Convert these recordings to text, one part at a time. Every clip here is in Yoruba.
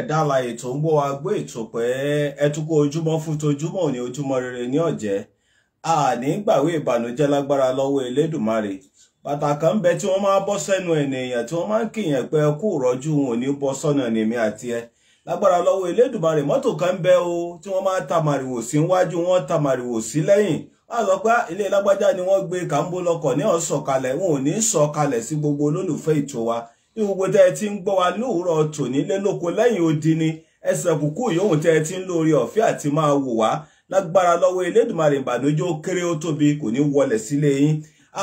ẹ̀dá alààyè tó ń gbọ́ wa gbé ètò pé ojúmọ́ fún tojúmọ́ ojúmọ́ rere ní ọ̀jẹ́ a ní gbàwé ìbànújẹ́ lágbára lọ́wọ́ elédùnmarè bàtà kan ń bẹ tí wọ́n máa bọ́ sẹ́nu ènìyàn tí wọ́n máa ń kìyàn pé ẹkú wọn ò ní bọ́ sọ́nà àti ẹ lágbára lọ́wọ́ mọ́tò kan ń bẹ o tí wọ́n máa ta màrìwò sí níwájú wọ́n ta màrìwò sí lẹ́yìn wọ́n á sọ pé ilé lágbájá ni wọ́n gbé kàńbó lọkọ̀ ní ọ̀sọ̀kalẹ̀ wọn ò gbogbo olólùfẹ́ ní gbogbo tẹ́ ẹ ti ń gbọ́ wa lóòrọ̀ tòní lélóko lẹ́yìn odi ni ẹsẹ̀ kúkú yòówù tẹ́ ẹ ti ń lórí ọ̀fẹ́ àti máa wò wá lágbára lọ́wọ́ elédùnmarè ìbànújẹ́ ó kéré ó tóbi kò ní wọlẹ̀ sílé yín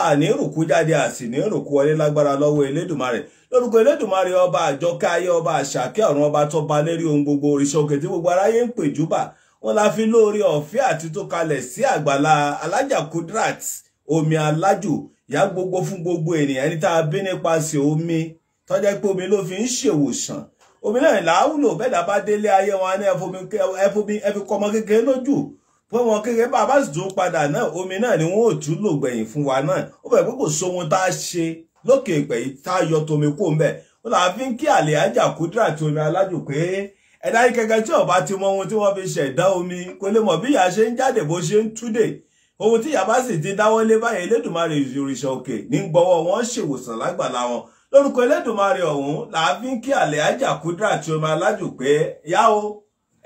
àní rùkú jáde àsì ní rùkú wọlé lágbára lọ́wọ́ elédùnmarè lórúkọ elédùnmarè ọba àjọkẹ́ ayé ọba àṣàkẹ́ ọ̀run ọba tó ba lérí ohun gbogbo òrìṣà tí gbogbo aráyé ń pè júbà wọn la fi lóore ọ̀fẹ́ àti tó kalẹ̀ sí àgbàlá alájà Kudrat omi alájù ìyá gbogbo fún gbogbo ènìyàn ẹni tá a bí nípasẹ̀ omi tọ́jẹ́ pé omi ló fi ń ṣèwòsàn omi náà làwùlò bẹ́ẹ̀ dá bá délé ayé wọn ní ẹfomi ẹfi kọ́ ọmọ kékeré lójú pé wọn kékeré bá a bá sì tún padà náà omi náà ni wọn ò tún lò gbẹ̀yìn fún wa náà ó bẹ̀rẹ̀ pé kò sóhun tá a ṣe lókè ìpẹ́ yìí tá a yọ tomi kó ń bẹ̀ ó là fi ń kí àlè ajá kúdírà tí omi alájù pé ẹ̀dá yìí kẹ̀kẹ́ tí ọba ti mọ ohun tí wọ́n fi ṣẹ̀dá omi kò lè mọ̀ bí ìyá ṣe ń jáde bó ṣe ń túdè ohun tí ìyá bá sì ti dáwọ́lé báyìí Elédùmarè òrìṣà òkè ní gbọ́wọ́ wọn ṣèwòsàn lágbàlá wọn lórúkọ Elédùmarè ọ̀hún làá fi ń kí Alhaja Kudirat Omi Alájù pé yá o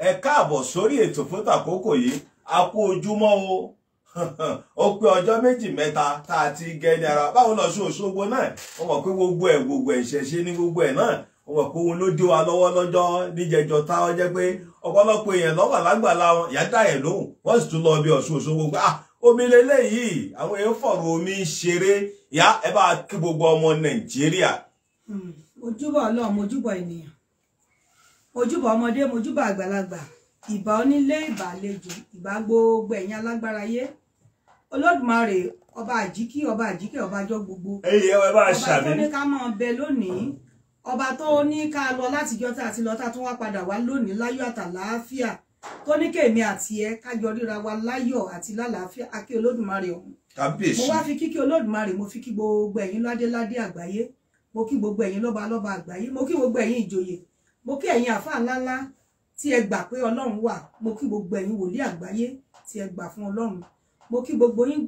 ẹ káàbọ̀ sórí ètò fún tàkókò yìí a kú ojúmọ́ o ó pé ọjọ́ méjì mẹ́ta tá a ti gẹ ní ara báwo lọ sí Òṣogbo náà wọ́n mọ̀ pé gbogbo ẹ̀ gbogbo ẹ̀ ṣẹ̀ṣẹ̀ ní gbogbo ẹ̀ náà wọ́n mọ̀ pé òun ló dé wa lọ́wọ́ lọ́jọ́ níjẹjọ jẹ́ pé ọ̀pọ̀lọpọ̀ èèyàn lọ́wọ́ lágbàlá Ya, ẹ bá kí gbogbo ọmọ nàìjíríà. Hmm, ojúbọ Ọlọ́run mojúbọ ènìyàn mojúbọ ọmọdé mojúbọ àgbàlagbà ìbà onílé ìbà àlejò ìbà gbogbo ẹ̀yin alágbára ayé olódùmarè ọba àjíkí ọba àjíkí ọba àjọ gbogbo ọba tó ní ká máa bẹ lónìí ọba tó ní ká lọ látijọ́ tá a ti lọ tá a tún wá padà wá lónìí láyọ̀ àtàlàáfíà tó ní kèmí àti ẹ kájọ ríra wa láyọ̀ àti lálàáfíà akí olódùmarè ọ̀hún mo wá fi kíkí olódùmarè mo fi kí gbogbo ẹ̀yin ládéládé àgbáyé mo kí gbogbo ẹ̀yin lọ́ba lọ́ba àgbáyé mo kí gbogbo ẹ̀yin ìjòyè mo kí ẹ̀yin àfáà ńláńlá tí ẹ gbà pé Ọlọ́run wà mo kí gbogbo ẹ̀yin wòlíì àgbáyé tí ẹ gbà fún Ọlọ́run mo kí gbogbo yín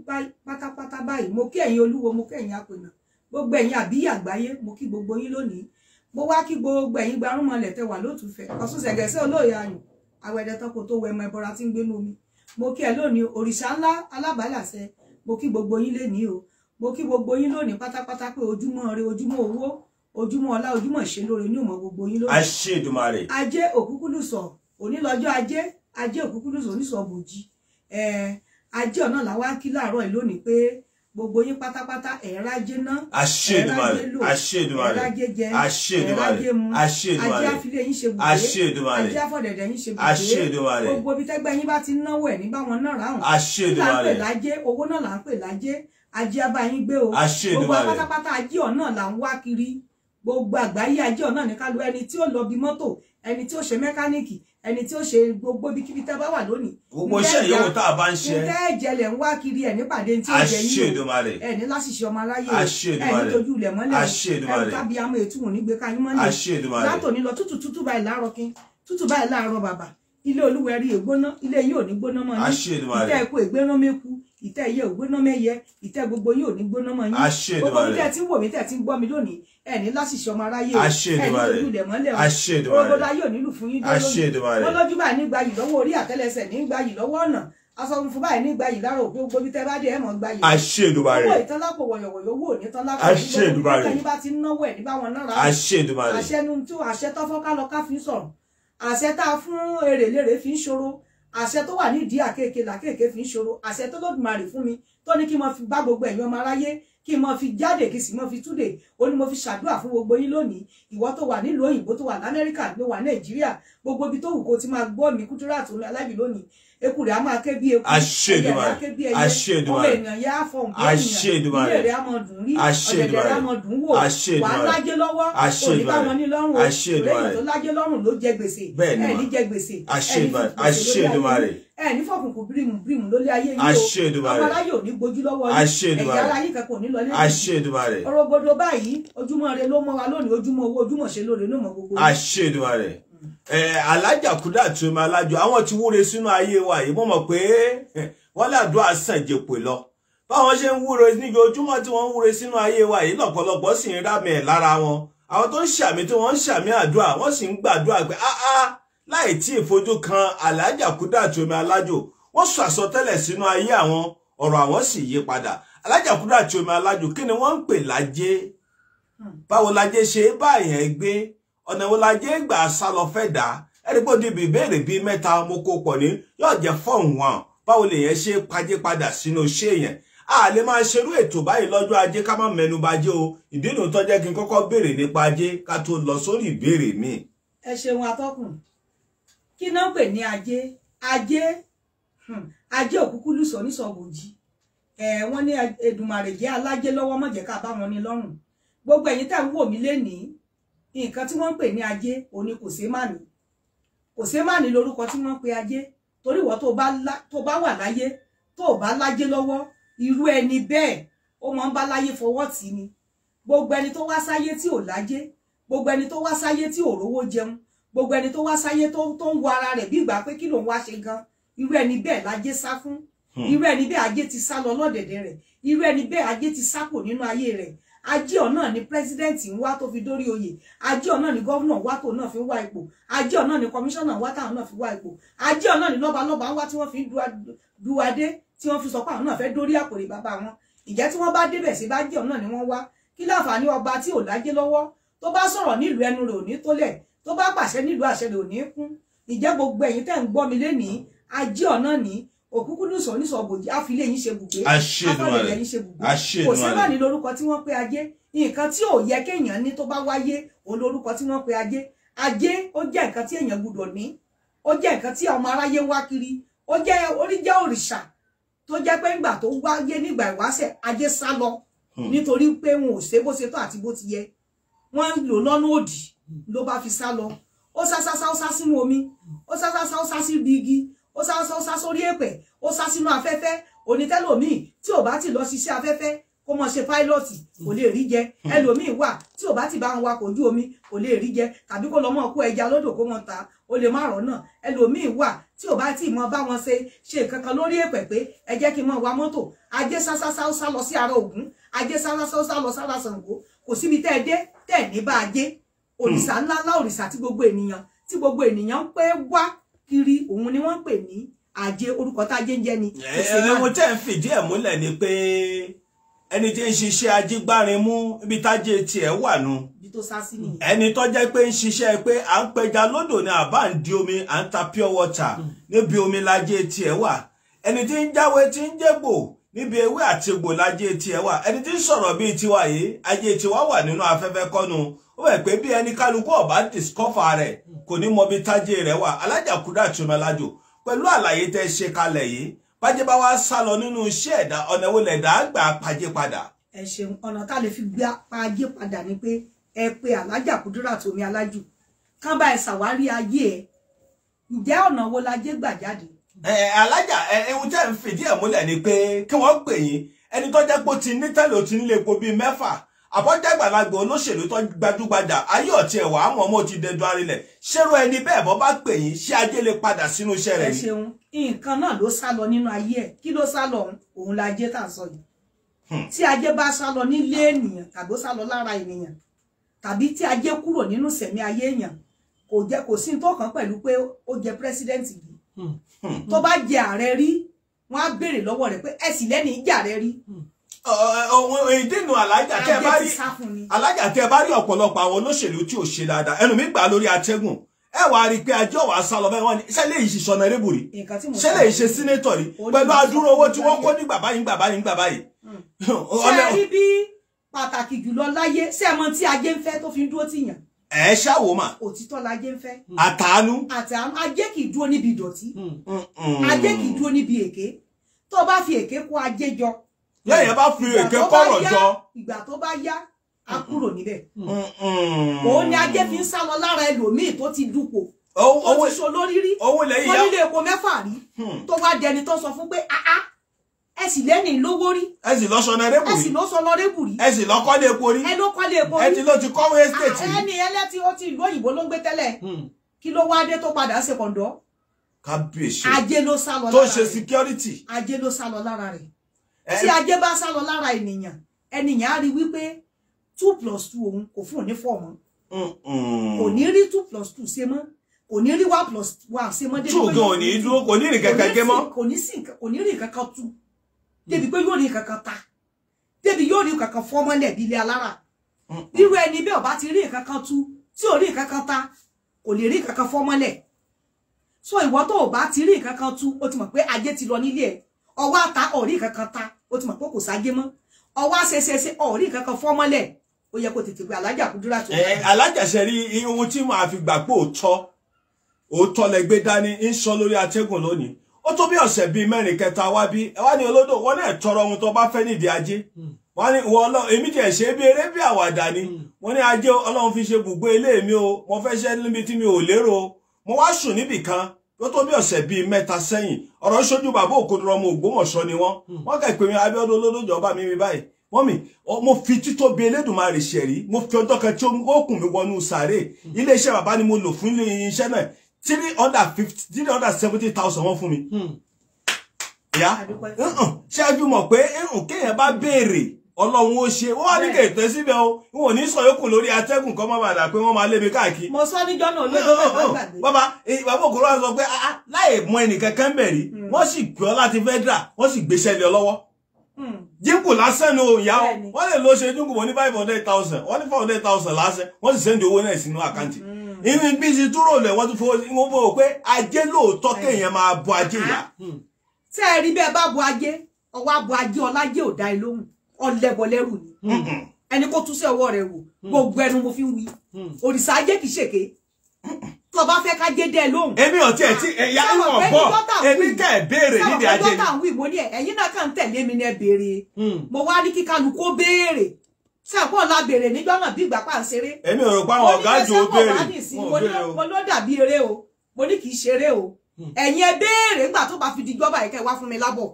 pátápátá báyìí mo kí ẹ̀yin olúwo mo kí ẹ̀yin apènà gbogbo ẹ̀yin àbíyí àgbáyé mo kí gbogbo yín lónìí mo wá kí gbogbo ẹ̀yin gbarúmọlẹ̀ tẹ wà lótùfẹ́ Ọ̀ṣun ṣẹ̀gẹ̀ṣẹ̀ olóòyà yìí awẹ́dẹ tọ́kọ tó wẹ ẹmọ ẹbọra tí ń gbénu omi mo kí ẹ lónìí òrìṣà ńlá alábàálàṣẹ mo kí gbogbo yín lénìí o mo kí gbogbo yín lónìí pátápátá pé ojúmọ́ ire ojúmọ́ owó ojúmọ́ ọlá ojúmọ́ ìṣe lóore ní òmò gbogbo yín lónìí. àṣẹ Èdùmàrè. ajé òkúkúlùsọ onílọ́jọ́ ajé ajé òkúkúlùsọ onísọ̀bùjì ajé ọ̀nà làwọn á láàárọ̀ yìí lónìí pé gbogbo yín pátápátá ẹ̀rá jẹ́ná ẹ̀rá jẹ́lò ẹ̀rá jẹ́jẹ́ ẹ̀rá jẹ́mu ajé àfilẹ̀ yín ṣe bùdé ajé àfọ̀dẹ̀dẹ̀ yín ṣe bùdé gbogbo ibi tẹ́gbẹ́ yín bá ti náwó ẹ̀ ní báwọn náà ráhùn kí là ń pè lájé owó náà là ń pè lájé ajé abáyín gbé o gbogbo pátápátá ajé ọ̀nà là ń wá kiri gbogbo àgbáyé ajé ọ̀nà ní kálu ẹni tí ó lọ bí mọ́tò ẹni tí ó ṣe mẹ́káníìkì ẹni tí ó ṣe gbogbo bí kíbi tá a bá wà lónìí. gbogbo iṣẹ́ ìyẹ́wò tá a bá ń ṣe. ǹjẹ́ ẹ̀jẹ̀ lẹ̀ ń wá kiri ẹ̀ nípàdé tí ó jẹ yín o ẹni láṣìṣe ọmọ aráyé ẹni tójú ilẹ̀ mọ́lẹ̀ ẹni tábí amú ètú òní gbé ká yín mọ́lẹ̀ látòní lọ tútù tútù báyìí láàárọ̀ kín tútù báyìí láàárọ̀ bàbà ilé olúwẹ̀rí ègbóná ilé yìí ò ní gbóná mọ́ ní ìtẹ́ ẹ̀kọ́ ègbéná ìtẹ́ yẹ ò gbóná mẹ́yẹ ìtẹ́ gbogbo yóò ní gbóná mọ́ yín gbogbo mi tẹ́ ti ń wò mí tẹ́ ti ń gbọ́ mi lónìí ẹ̀ ní láṣìṣẹ́ ọmọ aráyé o ní ojú ilẹ̀ mọ́lẹ̀ gbogbo láyé ò nílù fún yín dé lórí lójú báyìí nígbà yìí lọ́wọ́ orí àtẹ́lẹsẹ̀ nígbà yìí lọ́wọ́ ọ̀nà aṣọ funfun báyìí nígbà yìí lára òpin gbogbo tẹ́ bá dé ẹ̀ mọ́ gbà yìí owó ìtọ́lápò wọ̀yọ̀wọ̀yọ̀ owó òní tọ́lápò nígbà yìí bá ti náwó ẹ̀ nígbà wọn náà rà á àṣẹ nu tó àṣẹ tọ́fọ́ ká lọ ká àṣẹ tá a fún èrè fi ń ṣòro àṣẹ tó wà nídìí àkekèé làkekèé fi ń ṣòro àṣẹ tó lódùmarè fún mi tó ní kí n mọ fi bá gbogbo ẹ̀yin ọmọ aráyé kí n mọ fi jáde kí n sì mọ fi túdè ó ní mo fi ṣàdúrà fún gbogbo yín lónìí ìwọ tó wà nílùú òyìnbó tó wà lamẹ́ríkà ló wà nàìjíríà gbogbo ibi tó wù kó ti máa gbọ́ mi kúdúrà tó lábì lónìí eku rẹ̀ á máa ké bí eku ẹyẹ rẹ̀ á ké bí ẹyẹ ọmọ ènìyàn yá fọ nǹkan ènìyàn ilé rẹ̀ á mọ dùn rí ọ̀dẹ̀dẹ̀ rẹ̀ á mọ dùn wò wà á lájé òní bá wọn ní lọ́rùn o tó lájé lọ́rùn ló jẹ gbèsè ẹni jẹ gbèsè ẹni fi gbèsè lórí ayé ẹni fọkùnkùn bírímù bírímù lórí ayé yìí o ọmọ aráyé ò ní gbojú lọ́wọ́ yìí ẹ̀yà aráyé ò ní lọ lẹ́yìn orogodo báyìí ojúmọ́ rẹ ló mọ́ wa lónìí ojúmọ́ owó ojúmọ́ ṣe lóore ló mọ́ gbogbo alájà Kudirat Omi Alájọ àwọn tí wúre sínú ayé wa yìí mo mọ̀ pé eh, wọ́n làdúrà sàn jèpè lọ báwọn ṣe ń wúre níbi ojúmọ́ tí wọ́n ń wúre sínú ayé wa yìí lọ́pọ̀lọpọ̀ sì ń rámẹ̀ ẹ̀ lára wọn àwọn tó ń ṣàmì tí wọ́n ń ṣàmì àdúrà wọ́n sì ń gbàdúrà pé áá ah, ah! láì tí ì fojú kan alájà Kudirat Omi Alájọ wọ́n sọ àsọtẹ́lẹ̀ sínú ayé àwọn ọ̀rọ̀ àwọn sì yí padà alájà Kudirat Omi Alájọ kí ni wọ́n ń pè lájé hmm. báwo lájé ṣe bá èèyàn gbé ọ̀nà wo la jẹ́ ìgbà sálọ fẹ́ dá ẹni pé odidi ìbéèrè bíi mẹ́ta mo kó pọ̀ ní yóò jẹ́ fọ́ọ̀n wọn báwo lèyẹn ṣe pajé padà sínú iṣẹ́ yẹn a lè máa ṣerú ètò báyìí lọ́jọ́ ajé ká má mẹ́nu bà ajé o ìdí nu tó jẹ́ kí n kọ́kọ́ béèrè nípa ajé ká tó lọ sórí ìbéèrè mi. ẹ ṣeun atọ́kùn kí náà pè ní ajé ajé hmm, ajé òkúkú lùsọ nísọgbòjì ẹ wọn ní Èdùmàrè jẹ́ alájé lọ́wọ́ mọjẹ ká bá wọn ní lọ́rùn gbogbo ẹ̀yin tá à ń wò mí lénìí nǹkan tí wọ́n ń pè ní ajé òní kò ṣe má ní kò ṣe má ní lórúkọ tí wọ́n ń pe ajé torí ìwọ tó bá wà láyé tó bá lájé lọ́wọ́ irú ẹni bẹ́ẹ̀ ó máa ń bá láyé fọwọ́ tì ni gbogbo ẹni tó wá sáyé tí ò lájé gbogbo ẹni tó wá sáyé tí ò rówó jẹun gbogbo ẹni tó wá sáyé tó ń wo ara rẹ̀ bí ìgbà pé kí ló ń wá ṣe gan irú ẹni bẹ́ẹ̀ lájé sá fún hmm. irú ẹni bẹ́ẹ̀ ajé ti sá lọ lọ́dẹ̀dẹ̀ rẹ̀ irú ẹni bẹ́ẹ̀ ajé ti sá kò nínú ayé rẹ̀ ajé ọ̀nà ni president ń wá tó fi dórí oyè ajé ọ̀nà ni governor wá tó náà fi wá ipò ajé ọ̀nà ni commissioner wá táwọn náà fi wá ipò ajé ọ̀nà ni lọ́balọ́ba ń wá tí wọ́n fi du adé tí wọ́n fi sọ pé àwọn náà fẹ́ dórí àpèrè bàbá wọn ìjẹ́ tí wọ́n bá débẹ̀ sí bá jẹ́ ọ̀nà ni wọ́n wá kí láǹfààní ọba tí ò lájé lọ́wọ́ tó bá sọ̀rọ̀ nílùú ẹnu rẹ̀ ò ní tólẹ̀ tó bá òkúkú ní sọ nísọ bòdì àfilé yín ṣe bùgbé àfọlẹlẹ yín ṣe bùgbé kò sábà ní lórúkọ tí wọ́n pè ajé nǹkan tí ò yẹ kéèyàn ní tó bá wáyé òun lórúkọ tí wọ́n pè ajé ajé ó jẹ́ nǹkan tí èèyàn gbúdọ̀ ní ó jẹ́ nǹkan tí ọmọ aráyé wá kiri ó jẹ́ orí jẹ́ òrìṣà tó jẹ́ pé ńgbà tó wáyé nígbà ìwáṣẹ̀ ajé sá lọ hmm. nítorí pé wọn ò ṣe bó ṣe tó àti bó ti yẹ wọ́n ń lò lọ́nà òdì ló bá fi sá lọ ó sá sá sá ó sá sínú omi ó sá sá sá ó sá sí ibi igi ó sá sọ sá sórí èpè ó sá sínú afẹ́fẹ́ onítẹ́lòmíì tí ò bá ti lọ ṣiṣẹ́ afẹ́fẹ́ kó mọ ṣe pilọti kò lè rí jẹ hmm. ẹlòmíì wà tí ò bá ti bá ń wakọ̀ ojú omi kò lè rí jẹ tàbí kó lọ mọ kó ẹja lódò kó wọn ta ó lè má rọ náà ẹlòmíì wà tí ò bá ti mọ bá wọn ṣe ṣe nǹkan kan lórí èpè pé ẹ jẹ́ kí n mọ wa mọ́tò ajé sásásá ó sá lọ sí ara Ògún ajé sásásá ó sá lọ sára Ṣàngó kò síbi tẹ́ ẹ dé tẹ́ ẹ ní bá ajé òrìṣà ńláńlá òrìṣà tí gbogbo ènìyàn tí gbogbo ènìyàn ń pé wá kiri òun ni wọ́n ń pè ní àjẹ orúkọ tá a jẹ́ ń jẹ́ ni. ẹ̀wọ̀n tẹ́ ń fìdí ẹ̀ múlẹ̀ ni pé ẹni tí ń ṣiṣẹ́ ajígbárin mú ibi tájé tiẹ̀ wà nù ẹni tó jẹ́ pé ń ṣiṣẹ́ pé à ń pẹja lódò ni àbá ń di omi à ń ta pure water hmm. níbi omi lajé tiẹ̀ wà ẹni tí ń jáwé tí ń jẹ́gbò níbi ewé àti egbò lájé tiẹ̀ wà ẹni tí ń sọ̀rọ̀ bíi tiwa yìí ajé tiwa wà nínú afẹ́fẹ́ kọ́nu ó wẹ̀ pé bí ẹni kálukú ọ̀bá dìskọ́fà rẹ̀ kò ní mọ bí tájé rẹ̀ wà alájà Kudat Ọmọlájọ pẹ̀lú àlàyé tẹ́ ṣe kalẹ̀ yìí bájẹ́ bá wá sá lọ nínú iṣẹ́ ẹ̀dá ọ̀nà ìwọlẹ̀ ẹ̀dá àgbà pàjẹ́ padà. ẹ ṣeun ọ̀nà tá a lè fi gbá pàjẹ́ padà ni pé ẹ pé alájà Kudat Ọmọlájọ kán bá ẹ ṣàwárí ayé ẹ ǹjẹ́ ọ̀nà wo la jẹ́ gbà jáde alájà ẹ̀hún tẹ́ ń fìdí ẹ̀ múlẹ̀ ni pé kí wọ́n pè yín ẹni tó jẹ́ pé ó ti ní tẹ́lẹ̀ ó ti ń lè po bíi mẹ́fà àbọ̀dẹ́gbàlagbà olóṣèlú tó gbajúgbajà ayé ọ̀tí ẹ̀wà àwọn ọmọ ti dẹdu arinlẹ̀ ṣérú ẹni bẹ́ẹ̀ bọ́ bá pè yín ṣé ajé lè padà sínú iṣẹ́ rẹ̀ ni. ẹ ṣeun nǹkan náà ló sá lọ nínú ayé ẹ kí ló sá lọ òun la ajé tà sọ yìí hmm. tí ajé bá sá lọ nílé ènìyàn tàbí ó sá lọ lára ènìyàn tí ajé kúrò nínú sẹ̀mí ayé èèyàn kò jẹ́ kò sí Hmm. Hmm. tó bá jẹ ààrẹ rí wọn á béèrè lọ́wọ́ rẹ̀ pé ẹ sì lẹ́ni ìjà rẹ rí. Hmm. ọ̀hún ìdènà alájà tẹ́ bá rí alájà tẹ́ bá rí ọ̀pọ̀lọpọ̀ àwọn olóṣèlú tí ò ṣe dáadáa ẹnu mi gbà lórí atẹ́gùn ẹ wàá rí i pé ajé ọ̀wà sá lọ bẹ́ẹ̀ wọ́n ní ṣé lè ṣe sọ̀nà erébù rí ṣé lè ṣe sínétọ̀ rí pẹ̀lú adúrò owó tí wọ́n kó ní gbàbá yín gbàbá yín gbàbá yìí. ṣé rí bí pàtàkì jùlọ láyé ṣé tí ajé ń fẹ́ tó fi ń dúró tìyàn ẹ ṣàwò mà. òtítọ́ la jẹ́ ń fẹ́. Hmm. àtàánú. àtàánú ajé kì í dúró níbi ìdọ̀tí. Hmm. Hmm. ajé kì í dúró níbi èké tó bá fi èké kó ajé jọ. lẹ́yìn bá fi èké kọ̀rọ̀ jọ. ìgbà tó bá yá a kúrò níbẹ̀. òun ni ajé fi ń sá lọ lára ẹlòmíì tó ti dúpọ̀ owó ìṣòlórí rí owó ilẹ̀ yìí yá onílé epo mẹ́fà rí tó wá dẹni tó sọ fún pé áá ẹ sì lẹ́ni lówó rí. ẹ sì lọ sọnà rébù rí. ẹ sì lọ sọnà rébù rí. ẹ sì lọ kọ́lé epo rí. ẹ ló kọ́lé epo rí. ẹ ti ló ti kọ́wé estate ah, rí. ẹni ẹlẹ́tí ó ti ìlú òyìnbó ló ń gbé tẹ́lẹ̀. Hmm. kí ló wá dé tó padà ṣe kọ̀ǹdọ́. kábíyèsí ajé ló sá lọ lára rẹ̀ tó ṣe security. ajé ló sá lọ lára rẹ̀. tí ajé bá sá lọ lára ènìyàn ènìyàn á rí wípé two plus two òun kò fún òní fọ́ mọ́. kò ní rí two plus two ṣe mọ́ kò ní rí one plus one ṣe mọ́ débi. tún gan ò ní dúró kò ní rìn kankan gé mọ́. kò ní rìn kankan tún débi pé yóò ní kankan ta débi yóò ní kankan fọ́mọ́lẹ̀ bí ilé alára irú ẹni bẹ́ẹ̀ ọba ti rí kankan tú tí ò rí kankan ta kò lè rí kankan fọ́mọ́lẹ̀ so ìwọ tó ò bá ti rí kankan tú ó ti mọ̀ pé ajé ti lọ nílé ẹ̀ ọwọ́ ata ọ̀rí kankan ta ó ti mọ̀ pé kò ságé mọ́ ọwọ́ ṣeṣeṣe ọ̀rí kankan fọ́mọ́lẹ̀ ó yẹ kó tètè pé alájà kúdúrà tó. ẹ alájà ṣe rí ohun tí màá fi gbà pé òótọ́ òótọ́ lẹ dání ń sọ lórí atẹ́gùn lónìí ó tó bí ọ̀sẹ̀ bíi mẹ́rin kẹta wá bí wá ní olódò wọn náà tọrọ ohun tó bá fẹ́ nídìí ajé hmm. wọn ní ìwọ ọlọ́run èmi tiẹ̀ ṣe bí eré bí àwàdà ni wọn hmm. ní ajé ọlọ́run fi ṣe bùgbé ilé mi o mo fẹ́ ṣe níbi tí mi ò lérò o mo wá sùn níbì kan ó tó bí ọ̀sẹ̀ bíi mẹ́ta sẹ́yìn ọ̀rọ̀ ṣojú bàbá òkodoro ọmọ Ògbómọ̀ṣọ́ ni wọ́n hmm. wọ́n kà pé mi Abíọ́dún olódò jọba mi mi báyìí wọ́n mi mo fi títóbi Elédùmarè ṣẹ̀rí mo fi ọjọ́ kan tí ó kùn mi wọnú sàárè iléeṣẹ́ bàbá ni mo lò fún iṣẹ́ náà three hundred fifty three hundred seventy thousand wọ́n fún mi. Hmm. ìyá ṣáájú mọ̀ pé kéèyàn bá béèrè ọlọ́run ó ṣe wọ́n wá ní kèétọ́ síbẹ̀ o wọn ò ní sọ yòókù lórí atẹ́gùn kan má bàdà pé wọ́n máa lébi káàkiri. mo sọ níjọ́ náà lójú ọ̀gá oh, oh, oh, gbàgbé. bàbá bàbá òkúrò wa sọ pé ah, ah, láì mọ ẹnìkan kan bẹ̀ rí hmm. wọ́n sì pè ọ́ láti fẹ́dà wọ́n sì gbéṣẹ́ lé ọ lọ́wọ́. jíǹkù hmm. lásán ni òun yá wọ́n lè lọ ṣe jíǹkù wọn ní five hundred thousand wọ́n ní four hundred thousand lásán wọ́n sì sẹ́ndì owó náà sínú àkáǹtì ìrìn bí ti dúró lẹ̀ wọ́n tún fowó wọ́n fowó pé ajé lóòótọ́ kéèyàn máa bọ ajé yá. tẹ́ ah. ẹ rí bẹ́ẹ̀ bá bọ ajé ọwọ́ abọ ajé ọlájé ò dá ilóhùn ọlẹ́bọlẹ́rù ni ẹni kó túnṣe ọwọ́ rẹ̀ wò gbogbo ẹnu mo fi ń wí òrìṣà ajé kìí ṣèké tó bá fẹ́ ká jẹ́ dẹ́ lóhùn. èmi ò tiẹ̀ tí ẹ̀yà ìwọ̀n bọ̀ èmi kẹ́ ẹ̀ béèrè nídìí ajé ni. sábà dọ́tà ń wí mo ní ẹ̀ náà kàn tẹ̀lé mi ní ẹ béèrè mm. mo wá ní kíkálukó béèrè ṣe àpò ọ̀la bèrè nígbọ́nà bí ìgbà pà ń ṣeré. èmi ò rò pé àwọn ọ̀gá jò ó béèrè wọn ò béèrè o. mo ló dàbí eré o mo ní kì í ṣeré o hmm. ẹ̀yin ẹ béèrè nígbà tó bá fi di gbọ́bà yìí kẹ́ wá fún mi lábọ̀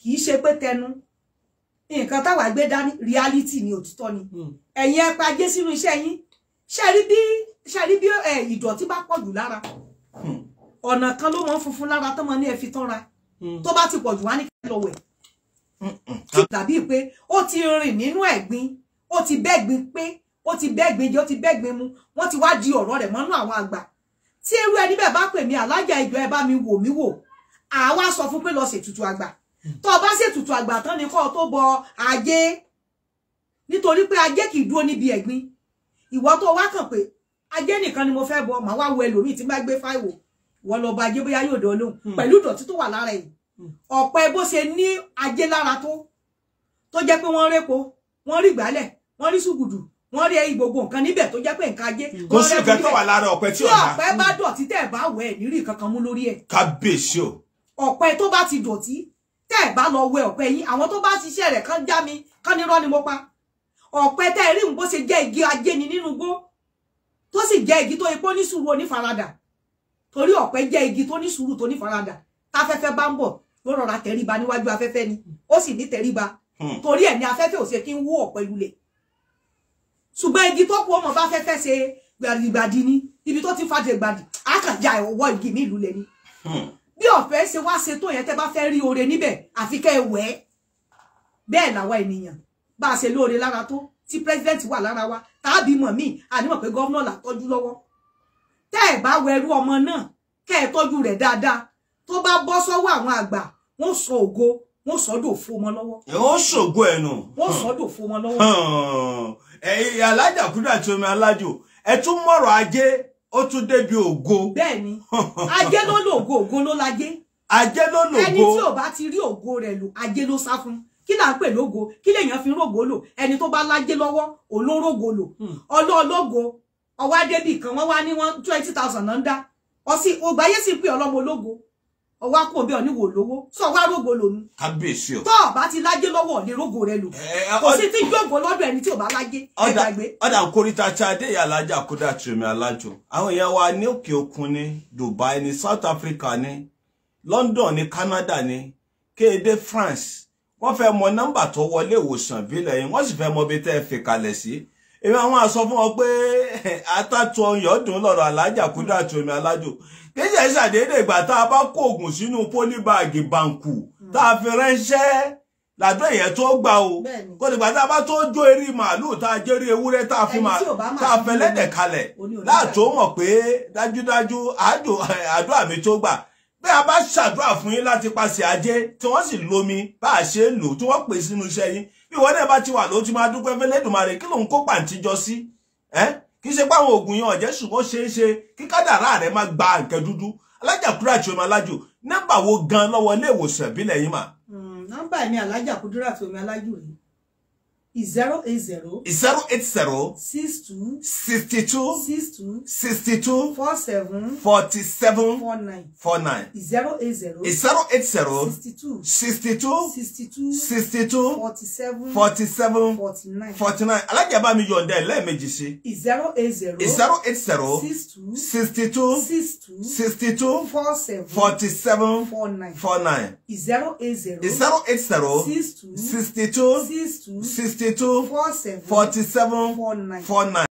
kì í ṣe pé tẹnu nǹkan táwa gbé dání reality ni òtítọ́ ni hmm. ẹ̀yin ẹ pàjẹ́ sínú iṣẹ́ yín ṣe rí bí ṣe rí bí ìdọ̀tí bá pọ̀ jù lára hmm. ọ̀nà kan ló mọ̀ funfun lára tó mọ ní ẹ fi tán ra tó bá ti pọ̀ jù wá ní kí lọ wẹ̀ tí pé ó ti rìn nínú ẹ̀gbin ó ti bẹ́gbin pé ó ti bẹ́gbin jẹ ó ti bẹ́gbin mu wọ́n ti wá di ọ̀rọ̀ rẹ̀ mọ́nú àwọn àgbà tí irú ẹni bẹ́ẹ̀ bá pè mí alájà ìjọ ẹ bá mi wò mí wò àwa sọ fún pé lọ ṣètùtù àgbà mm. tó o bá ṣètùtù àgbà tán ni kó o tó bọ ajé nítorí pé ajé kì í dúró níbi ẹ̀gbin ìwọ tó wá kàn pé ajé nìkan ni mo fẹ́ bọ màá wá wo ẹlòmíì tí má gbé fáìwò wọ́n lọ bá ajé bóyá yóò dán lóhùn mm. pẹ̀lú ìdọ̀tí tó wà lára yìí ọ̀pẹ bó ṣe ní ajé lára tó tó jẹ́ pé wọ́n répo wọ́n rí ìgbálẹ̀ wọ́n rí sùgùdù wọ́n rí ẹyí gbogbo nǹkan níbẹ̀ tó jẹ́ pé nǹkan ajé. kò sí nǹkan tó wà lára ọ̀pẹ tí ọ̀la. tí ọ̀pẹ bá dọ̀tí tẹ́ ẹ̀ bá wẹ̀ ní rí kankan mú lórí ẹ̀. kábíyèsí o. ọ̀pẹ tó bá ti dọ̀tí tẹ́ ẹ̀ bá lọ wẹ̀ ọ̀pẹ yín àwọn tó bá ṣiṣẹ́ rẹ̀ kán já mi kán nírọ́ ni mo pa. ọ̀pẹ tẹ́ ẹ rí bó ṣe jẹ́ igi ajé ni nínú igbó tó sì jẹ́ igi tó ipó ní sùúrù onífaradà torí ọ̀pẹ jẹ́ igi tó ní sùúrù tó nífaradà táfẹ́fẹ́ bá ń bọ̀ ló rọra tẹríba níwájú afẹ́fẹ́ ni ó sì ní tẹríba hmm. torí ẹ̀ ní afẹ́fẹ́ ò ṣe kí ń wú ọ̀pẹ lulẹ̀ ṣùgbọ́n igi tó kú ọmọ bá fẹ́fẹ́ ṣe gbàdìgbàdì ni ibi tó ti fàjẹ gbàdì àkàjà ọwọ́ igi mi lulẹ̀ ni hmm. bí ọ̀fẹ́ ṣe wá ṣe tó yẹn tẹ́ bá fẹ́ rí oore níbẹ̀ àfi kẹ́ ẹ wẹ̀ ẹ́ bẹ́ẹ̀ làwa ènìyàn bá a ṣe lóore lára tó tí president wà lára wa tàbí mọ̀ mí ànímọ̀ pé gómìnà là tọ́jú lọ́wọ́ tẹ́ ẹ̀ bá wẹrú ọmọ náà kẹ́ ẹ tọ́jú rẹ̀ dáadáa tó bá bọ́ sọ́wọ́ àwọn àgbà wọ́n sọ ògo wọ́n sọ́dọ̀ fún wọn lọ́wọ́. wọ́n ṣògo ẹnu. wọ́n sọ́dọ̀ fún wọn lọ́wọ́. ẹ̀yin alájà kúndà tí omi alájò ẹ tún mọ̀rọ̀ ajé ó tún débi ògo. bẹ́ẹ̀ni ajé ló lo ògo ògo ló lajé. ajé ló lo ògo. ẹni tí ò bá ti rí ògo rẹ̀ lò ajé ló sá fún kí là ń pè lógo kí lèèyàn fi rógo lò ẹni tó bá lájé lọ́wọ́ olórógo lò hmm. ọlọ́ọ̀lógo ọwọ́ adébì kan wọ́n wá ní twenty thousand náà ń dá ọsí ògbáyé sì pé ọlọ́mọ ológo ọwọ́ kò bí ọ̀níwò lówó sọ wá rógo lòun. kábíyèsí o. tọ́ ọba ti lájé lọ́wọ́ lè rógo rẹ lò. kò sí tí gbogbo lọ́dọ̀ ẹni tí ò bá lájé ẹgbàgbé. ọ̀dà kórìtà chadé alájà kódà tìrìmì alájò àwọn èèyàn wa ní òkè òkun ní Dubai ní South Africa ní London ní Canada ní kéde France wọ́n fẹ́ mọ nọ́mbà tó wọlé ìwòsàn ìbílẹ̀ yìí wọ́n sì fẹ́ mọ ibi tẹ́ ẹ kéṣe ṣàdédé ìgbà tá a bá kó oògùn sínú pólíbàgì bàǹkù tá a fi ránṣẹ́ làdó èèyàn tó gbà o kò dìgbà tá a bá tó jó eré màálùú tá a jẹ́rí ewúrẹ́ tá a fi máa tá a fẹ́ lẹ́dẹ̀ kalẹ̀ láàtó mọ̀ pé dájúdájú àdúrà mi tó gbà pé a bá ṣàdúrà fún yín láti pàṣẹ ajé tí wọ́n sì lomi bá a ṣe lò tí wọ́n pè sínú iṣẹ́ yín bí wọ́n náà bá ti wà ló ti máa dúpẹ́ fẹ́lẹ́dùmarè kí lòun kó pàǹtíjọ sí ẹ́ kì í ṣe pé àwọn oògùn yẹn ọ̀jẹ́ ṣùgbọ́n ṣeé ṣe kí kádàrá rẹ̀ má gba nǹkan dúdú alájàkúrà tí o máa nọ́mbà wo gan lọ́wọ́ ilé ìwòsàn ìbílẹ̀ yìí mà. Hmm, nọ́mbà ni alájàkúrà tí o máa yìí Is zero eight zero. Is zero eight zero. six two. sixty two. six two. sixty two. four seven. forty seven. four nine. four nine. Is zero eight zero. Is zero eight zero. sixty two. sixty two. sixty two. sixty two. forty seven. forty seven. forty nine. forty nine. alájà bá mi yọ̀ǹda ẹ̀ lẹ́ẹ̀mejì Is zero eight zero. Is zero eight zero. six two. sixty two. six two. sixty two. four seven. forty seven. four nine. four nine. Is zero eight zero. Is zero eight zero. six two. sixty two. six two. sixty Forty-two, forty-seven, 47 nine